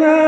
na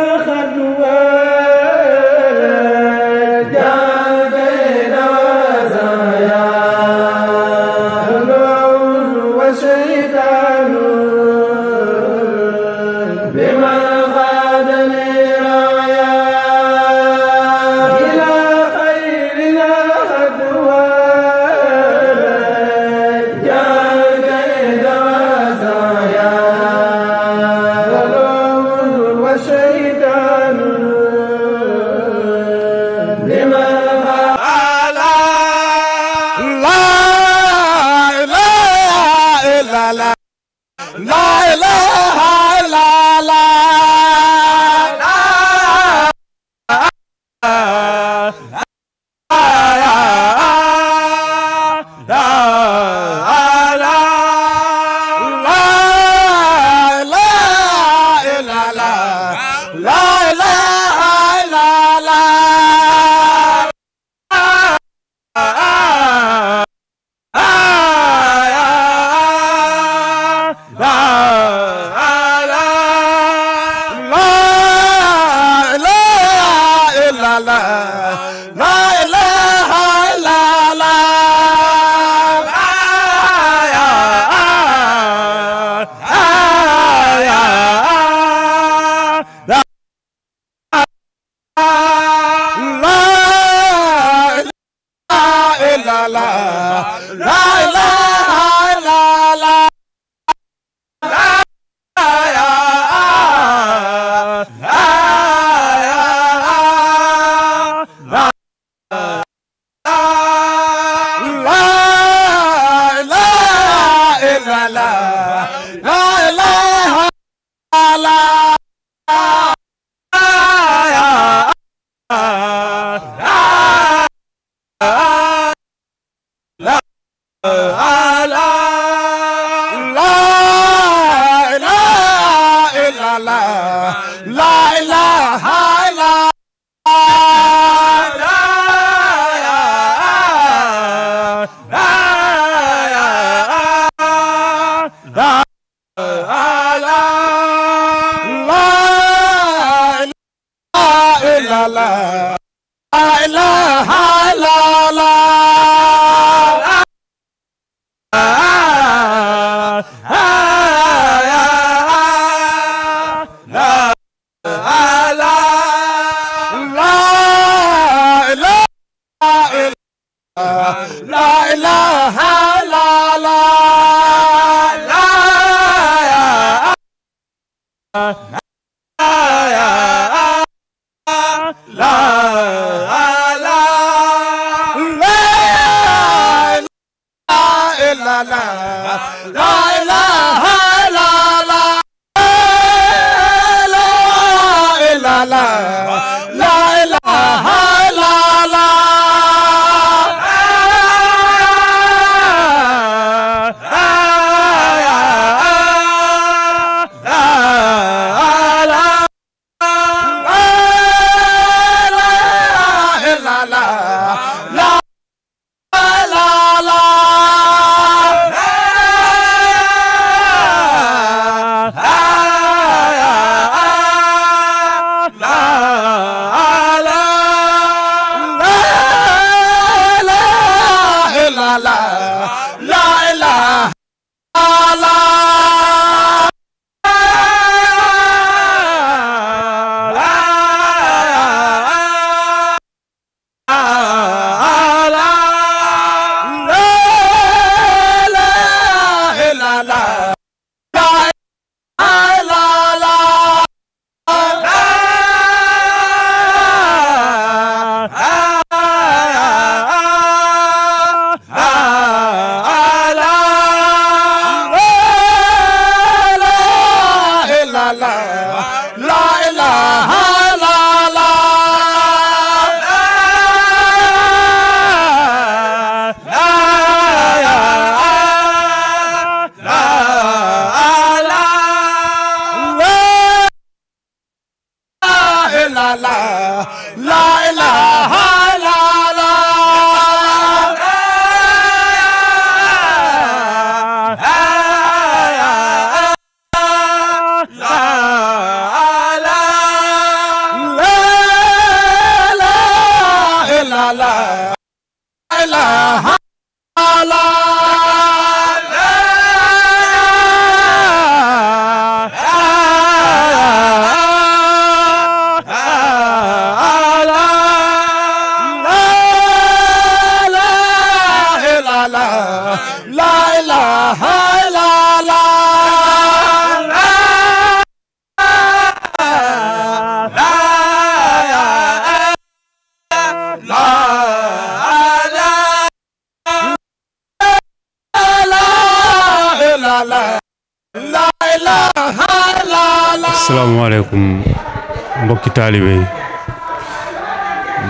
asalaamaaleykum mbokki taalibe yi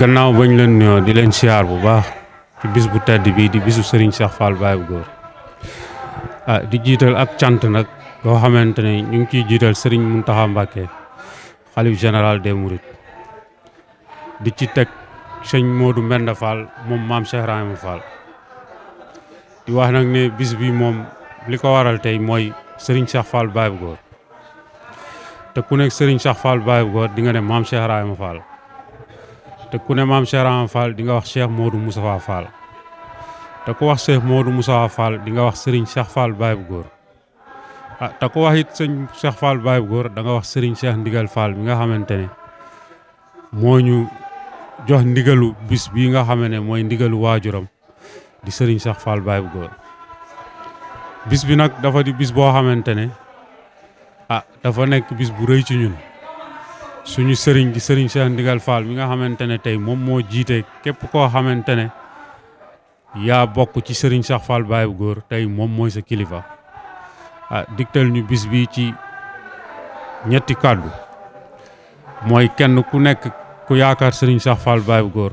gannaaw bañ leen nuyoo di leen siyaar bu baax ci bis bu tedd bii di bisu Serigne seex Fall Baye bu góor ah di jiital ak cant nag yoo xamante ne ñu ngi ciy jiital Serigne Mountakha Mbacké xalif général des Mourides di ci teg sëñ Modou Mbenda Fall moom maam Cheikh Rahim di wax nag ne bis bi moom li ko waral tey mooy Serigne Cheikh Fall Baye bu góor te ku nekk Serigne Cheikh Fall bu Góor di ne maam Cheikh Rahima Fall te ku ne maam Cheikh Rahima dinga wax seex moo Cheikh Modou Moustapha Fall te ku wax Cheikh Modou Moustapha Fall di nga wax Serigne seex Fall Baye bu Góor ah te ku wax it sëñ Cheikh Fall Baye bu Góor danga wax Serigne Cheikh Ndigal Fall bi nga xamante ne moo ñu jox ndigalu bis bii nga xam ne mooy ndigalu waajuram di sëriñ Cheikh Fall baay bu Góor bis bi nag dafa di bis boo xamante a ah, dafa nekk bis bu rëy ci ñun suñu sëriñ di sëriñ Cheikh Ndigal Fall mi nga xamante ne tey moom moo jiite képp koo xamante ne yaa bokk ci sëriñ sax Fall Baye góor tey moom mooy sa kilifa a ah, digtal ñu bis bi ci ñetti kàddu mooy kenn ku nekk ku yaakaar sëriñ sax Fall Baye góor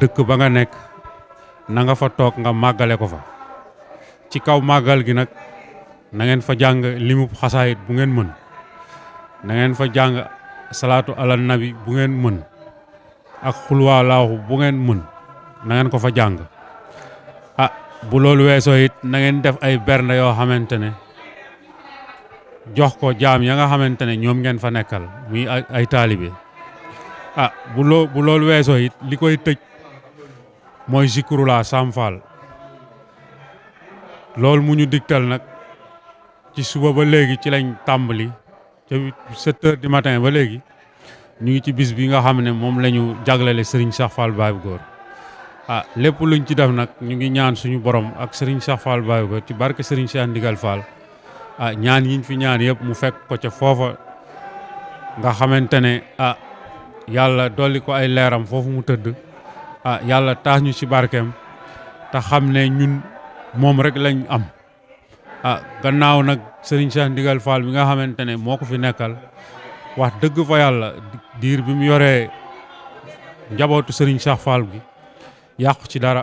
dëkk ba nga nekk na nga fa toog nga màggale ko fa ci kaw màggal gi nag na ngeen fa jàng limub xasaayit bu ngeen mën na ngeen fa jàng salaatu ala nabi bu ngeen mën ak xulwaa bu ngeen mën na ko fa jàng ah bu loolu weesoo it na def ay bernde yoo xamante ne jox ko jaam ya nga xamante ne ñoom ngeen fa nekkal muy ay taalibe ah bu loolu weesoo it li koy tëj mooy zikrulaa Sam Fall mu ñu digtal nag ci suba ba léegi ci lañ tàmbali ca 7 heures du matin ba léegi ñu ngi ci bis bi nga xam ne moom lañu jaglale Serigne Cheikh Fall Baye Góor a ah, lépp luñ ci def nag ñu ngi ñaan suñu borom ak Serigne Cheikh Fall Baye Góor ci barke Serigne Cheikh Ndigal Fall ah ñaan yiñ fi ñaan yëpp mu fekk ko ca foofa nga xamante ne ah yàlla dolli ko ay leeram foofu mu tëdd ah yàlla taas ñu ci barkeem te xam ne ñun moom rek lañu am. Ah, gannaaw nag Serigne Cheikh Ndigal Fall mi nga xamantene ne moo ko fi nekkal wax dëgg fa yàlla diir bi mu yoree njabootu Serigne Cheikh Fall gi yàqu ci dara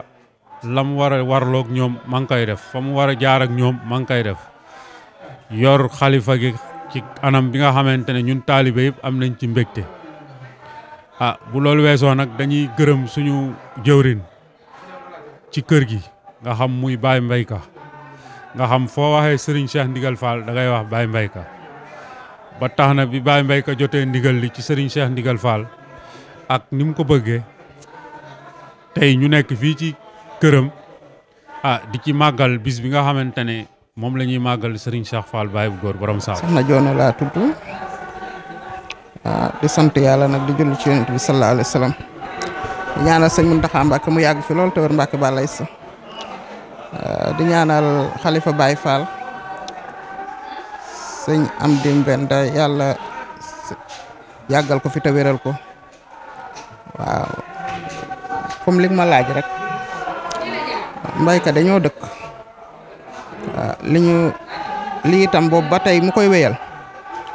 lam wara war a warloog ñoom ma ngi koy def fa mu jaar ak ñoom ma ngi def yor xalifa gi ci anam bi nga xamantene ne ñun taalibe yëpp am nañ ci mbégte ah bu loolu weesoo nag dañuy gërëm suñu jëwrin ci kër gi nga xam muy Baye Mbaye nga xam foo waxee Serigne Cheikh Ndigal Fall da ngay wax Baye Mbaye Ka ba tax na bi Baye Mbaye Ka jotee ndigal li ci Serigne Cheikh Ndigal Fall ak ni mu ko bëggee tey ñu nekk fii ci këram a ah, di ci màggal bis bi nga xamante ne moom lañuy ñuy màggal sëriñ Cheikh Fall baay bu góor borom Saam. na Joona laa tudd waaw ah, di sant yàlla nag di julli ci yonent bi sallallahu alayhi wa sallam ñaanal sëñ Mountakha Mbacké mu yàgg fi lool te wér Mbacké ba lay sa Euh, di ñaanal xalifa Baye Fall sëñ Amdi Mbenda yàlla yàggal ko fi te wéral ko waaw comme li ma laaj rek mbaykat dañoo dëkk li ñu li itam boobu ba tey mu koy wéyal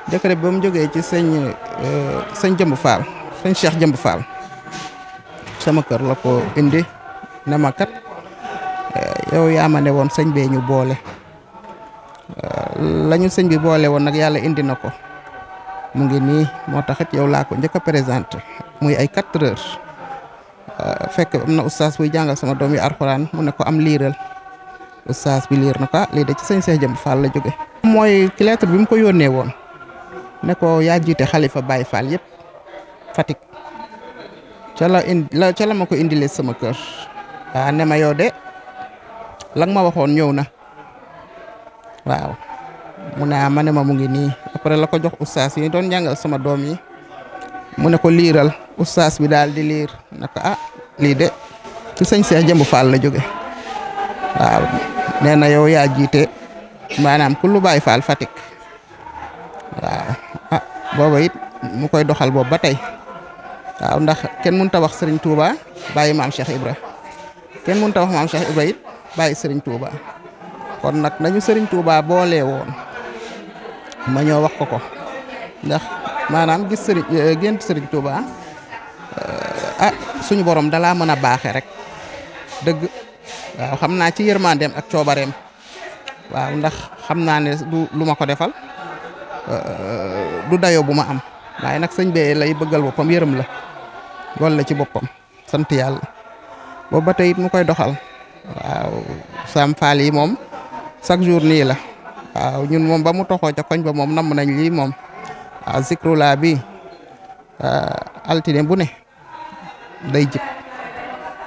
décret bi ba mu jógee ci sëñ euh, sëñ Jëmb Fall sëñ Cheikh Jëmb Fall sama kër la ko indi ne ma kat yow ya ma ne won señ be ñu boole euh, la señ bi boole won nak yalla indi noko. mu ngi ni moo taxit yow la ko njëkk présenté muy ay 4 heures euh, fekk amna na bu jangal sama doomi alcorane mu ne ko am liral oustaz bi liir nako ah, li de ci señ Cheikh jëm Fall la jóge moy ci lettre bi mu ko yónnee won ne ko ya jité khalifa Baye Fall fatik la indi la mako la ma sama kër. ah ne ma yow de Lang ma waxon ñew na waaw mu na ma ne ma mu ngi ni après la ko jox oustaz yi doon jangal sama dom yi mu ne ko liral oustaz bi dal di lire naka ah li de ci seigne Cheikh Jëmb Fall la joggé eh. waaw néna yow ya jité manam ku lu bay Fall fatik waaw ah bobo it mu koy doxal bob batay waaw ndax ken mën ta wax Serigne Touba baye mam Cheikh Ibra Ken mën ta wax mam Cheikh Ibra bay sering Touba kon nak nañu serigne Touba bolé won ma ñoo wax ko ko ndax manam gis serigne euh, gënt serigne Touba euh, ah suñu borom dala mana mëna baxé rek hamna waaw xamna ci yermandem ak coobareem waaw ndax xamna né du lu ko défal euh du dayo buma am waye nak bo bee lay bëggal bopam yërem la gol la ci bopam sant yalla bo batay it mu koy doxal waaw Sam Fall yi moom chaque jour nii la waaw ñun moom ba mu toxoo ca koñ ba moom namm nañ lii moom waaw Zikrula bi altine bu ne day jib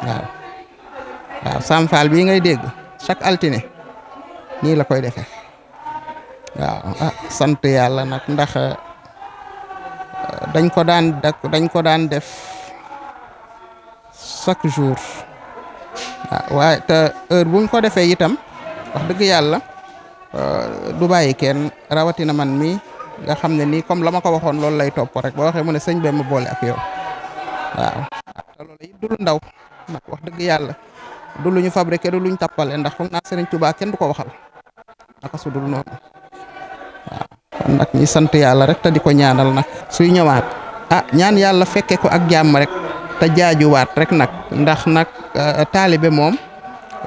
waaw waaw Sam Fall bii ngay dégg chaque altine nii la koy defee waaw ah sant yàlla nag ndax eh, dañ ko daan dañ ko daan def chaque jour. Ah, waaye te heure buñ ko defee itam wax dëgg yàlla euh, du bàyyi kenn na man mi nga xam ne nii comme la ma ko waxoon loolu lay topp rek boo waxee mu ne sëñ bee ma boole ak yow waaw ah, te loolu it du lu ndaw Nak wax dëgg yàlla du lu ñu fabriqué du lu ñu ndax foog naa Serigne kenn du ko waxal naka su dul noonu waaw kon nag ñi sant yàlla rek te di ko ñaanal nag suy ñëwaat ah ñaan yàlla fekke ko ak jàmm rek jaaju jaajuwaat rek nak ndax nak eh, talibé mom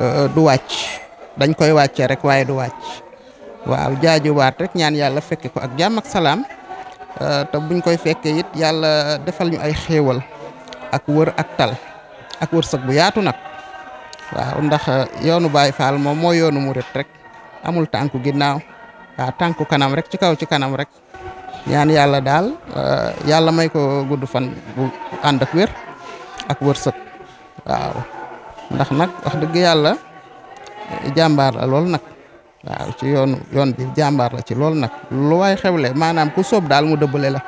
eh, du wacc dañ koy wàcce rek waye du wacc waaw jaajuwaat rek ñaan yalla fekke ko ak salam. ak salam eh, ta buñ koy fekkee yit yalla defal ñu ay xéewal ak wër ak tal ak wërsëg bu yaatu nak waaw ndax yoonu Baay Faal mom mo yoonu murit rek amul tanku ginnaw waaw tanku kanam rek ci kaw ci kanam rek ñaan yalla dal yalla may ko gudd fan bu ak ak wërsëg waaw ndax nag wax dëgg yàlla eh, jàmbaar la lool nag waaw ci yoonu yoon bi jàmbaar la ci lool nag lu waay le maanaam ku soob daal mu dëbbale la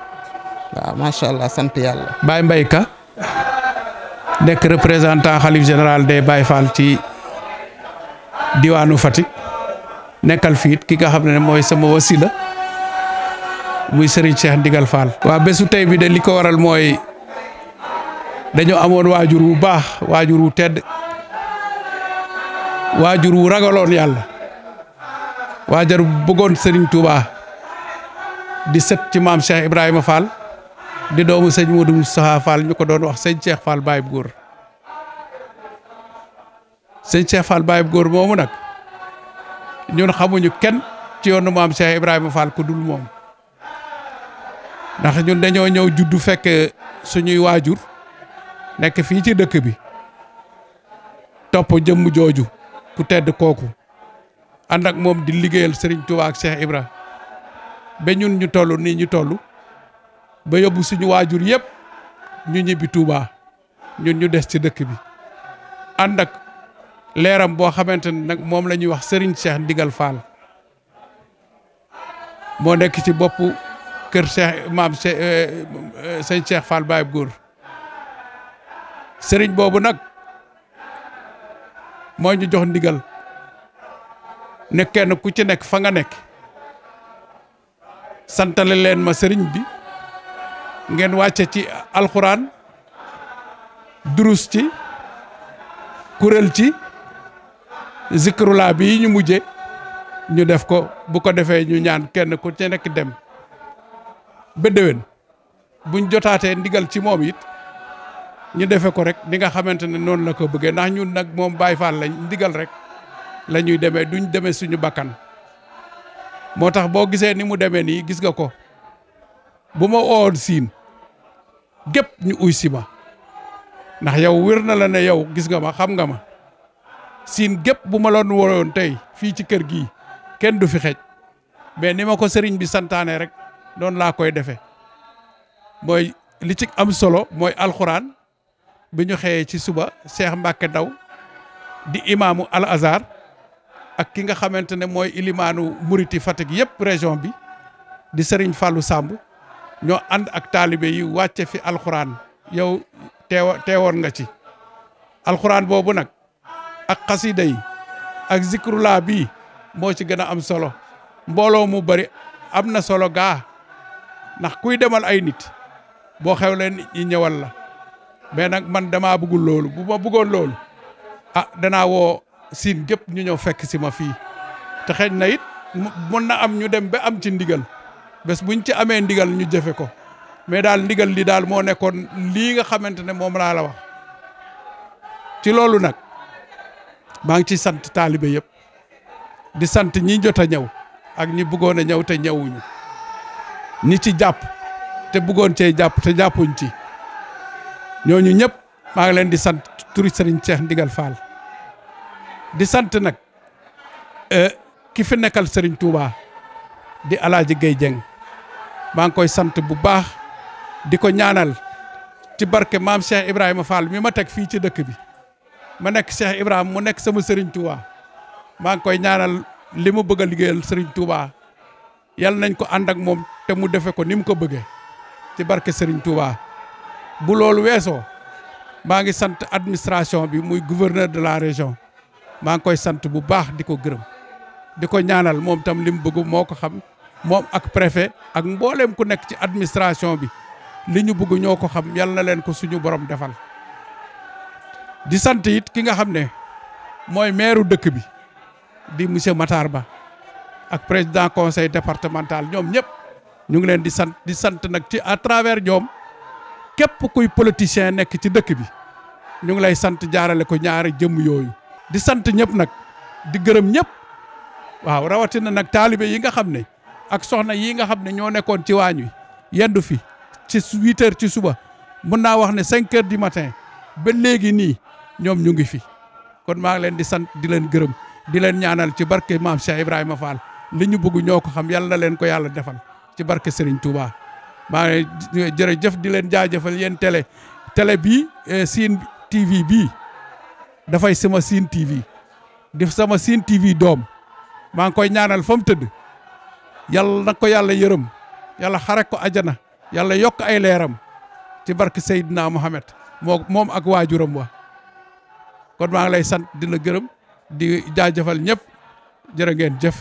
waaw macha allah sant yàlla. Baye Mbaye Ka nekk représentant xalif général des Baye Fall ci diwaanu Fatick nekkal fiit ki nga xam ne mooy sama wasila muy Serigne Cheikh Ndigal Fall. waaw bésu tey bi de li ko waral mooy. dañoo amoon waajur wu baax waajur wu tedd waajur wu ragaloon yàlla waajur bu bëggoon sëriñ Touba di sët ci maam Cheikh Ibrahima Fall di doomu sëñ Modou Moustapha Fall ñu ko doon wax sëñ Cheikh Fall Baye bu góor sëñ Cheikh bu góor moomu nag ñun xamuñu kenn ci yoonu maam Cheikh Ibrahima Fall ku dul moom ndax ñun dañoo ñëw juddu fekk suñuy waajur. nek fi ci dekk bi top jëm joju ku tedd koku and ak mom di liggéeyal Serigne Touba ak Cheikh Ibra be ñun ñu tollu ni ñu tollu ba yobbu suñu wajur yëpp ñu ñibi Touba ñun ñu des ci dekk bi and ak leram bo xamante nak mom lañu wax Serigne Cheikh Ndigal Fall mo nek ci bop kër Cheikh maam Cheikh euh, euh, sëñ Cheikh Fall Baye Góor. sëriñ boobu nag moo ñu jox ndigal ne kenn ku ci nekk fa nga nekk santale leen ma sëriñ bi ngeen wàcce ci alxuraan durus ci kuréel ci zikrulaa bi yi ñu mujje ñu def ko bu ko defee ñu ñaan kenn ku ci nekk dem ba déwén buñ jotaatee ndigal ci moom it ñu defe ko rek ni nga xamante ne noonu la ko bëggee ndax ñun nag moom Baay Faal lañ ndigal rek la ñuy demee duñ demee suñu bakkan moo tax boo gisee ni mu demee nii gis nga ko bu ma oon siin gépp ñu uy si ma ndax yow wér na la ne yow gis nga ma xam nga ma siin gépp bu ma loon woroon tey fii ci kër gii kenn du fi xej mais ni ma ko sëriñ bi santaane rek noonu laa koy defe mooy li ci am solo mooy alxuraan bi ñu xëyee ci suba Cheikh Mbacke Ndaw di imaamu Al Azhar ak ki nga xamante ne mooy ilimaanu muriti Fatick yëpp région bi di sëriñ Fallou Samb ñoo ànd ak taalibe yi wàcce fi alxuraan yow teewa teewoon nga ci alxuraan boobu nag ak xasida yi ak zikrulaa bii moo ci gën a am solo mbooloo mu bari am na solo gaa ndax kuy demal ay nit boo xew leen ñi ñëwal la mais nag man damaa bëggul loolu bu ma bëggoon loolu ah danaa woo siin gépp ñu ñëw fekk si ma fii te xëy nayit it mën na am ñu dem ba am ci ndigal bés buñ ci amee ndigal ñu jëfe ko mais daal ndigal li daal moo nekkoon lii nga xamante ne moom laa la wax ci loolu nag maa ngi ci sant taalibe yëpp di sant ñi jot a ñëw ak ñi buggoon a ñëw te ñëwuñu ñi ci jàpp te bëggoon cee jàpp te jàppuñ ci ñooñu ñëpp maa ngi leen di sant turi Serigne Cheikh Ndigal Fall di sant nag eh, ki fi nekkal sëriñ Touba di Alaaji Gay Jeng maa ngi koy sant bu baax di ko ñaanal ci barke maam Cheikh Ibrahima Fall mi ma teg fii ci dëkk bi ma nekk Cheikh Ibrahima mu nekk sama Serigne Touba maa ngi koy ñaanal li mu bëgg a liggéeyal Serigne Touba yal nañ ko ànd ak moom te mu defe ko ni mu ko bëggee ci barke Serigne Touba. bu loolu weesoo maa ngi sant administration bi muy gouverneur de la région maa ngi koy sant bu baax di ko gërëm di ko ñaanal moom tam li mu bëgg moo ko xam moom ak préfet ak mbooleem ku nekk ci administration bi li ñu bugg ñoo ko xam yal na leen ko suñu borom defal di sant it ki nga xam ne mooy maire dëkk bi di monsieur Matar Ba ak président conseil départemental ñoom ñëpp ñu ngi leen di sant di sant nag ci à travers joom képp kuy politicien nekk ci dëkk bi ñu ngi lay sant jaarale ko ñaari jëmm yooyu di sant ñëpp nag di gërëm ñëpp waaw rawatina nag taalibe yi nga xam ne ak soxna yi nga xam ne ñoo nekkoon ci waañ wi yendu fi ci huit heures ci suba mën naa wax ne cinq di du matin ba léegi nii ñoom ñu ngi fi kon maa ngi leen di sant di leen gërëm di leen ñaanal ci barke maam Cheikh Ibrahima Fall li ñu bëgg ñoo ko xam yàlla na leen ko yàlla defal ci barke Serigne Touba maa ngi jërëjëf di leen jaajëfal yéen télé télé bii eh, Sine TV bii dafay sama Sine TV di sama Sine TV doom maa ngi koy ñaanal fa mu tëdd yàlla na ko yàlla yërëm yàlla xare ko ajana yàlla yokk ay leeram ci barke Seydina Mohamed moo moom ak waajuram wa kon maa ngi lay sant di la gërëm di jaajëfal ñëpp jërë ngeen jëf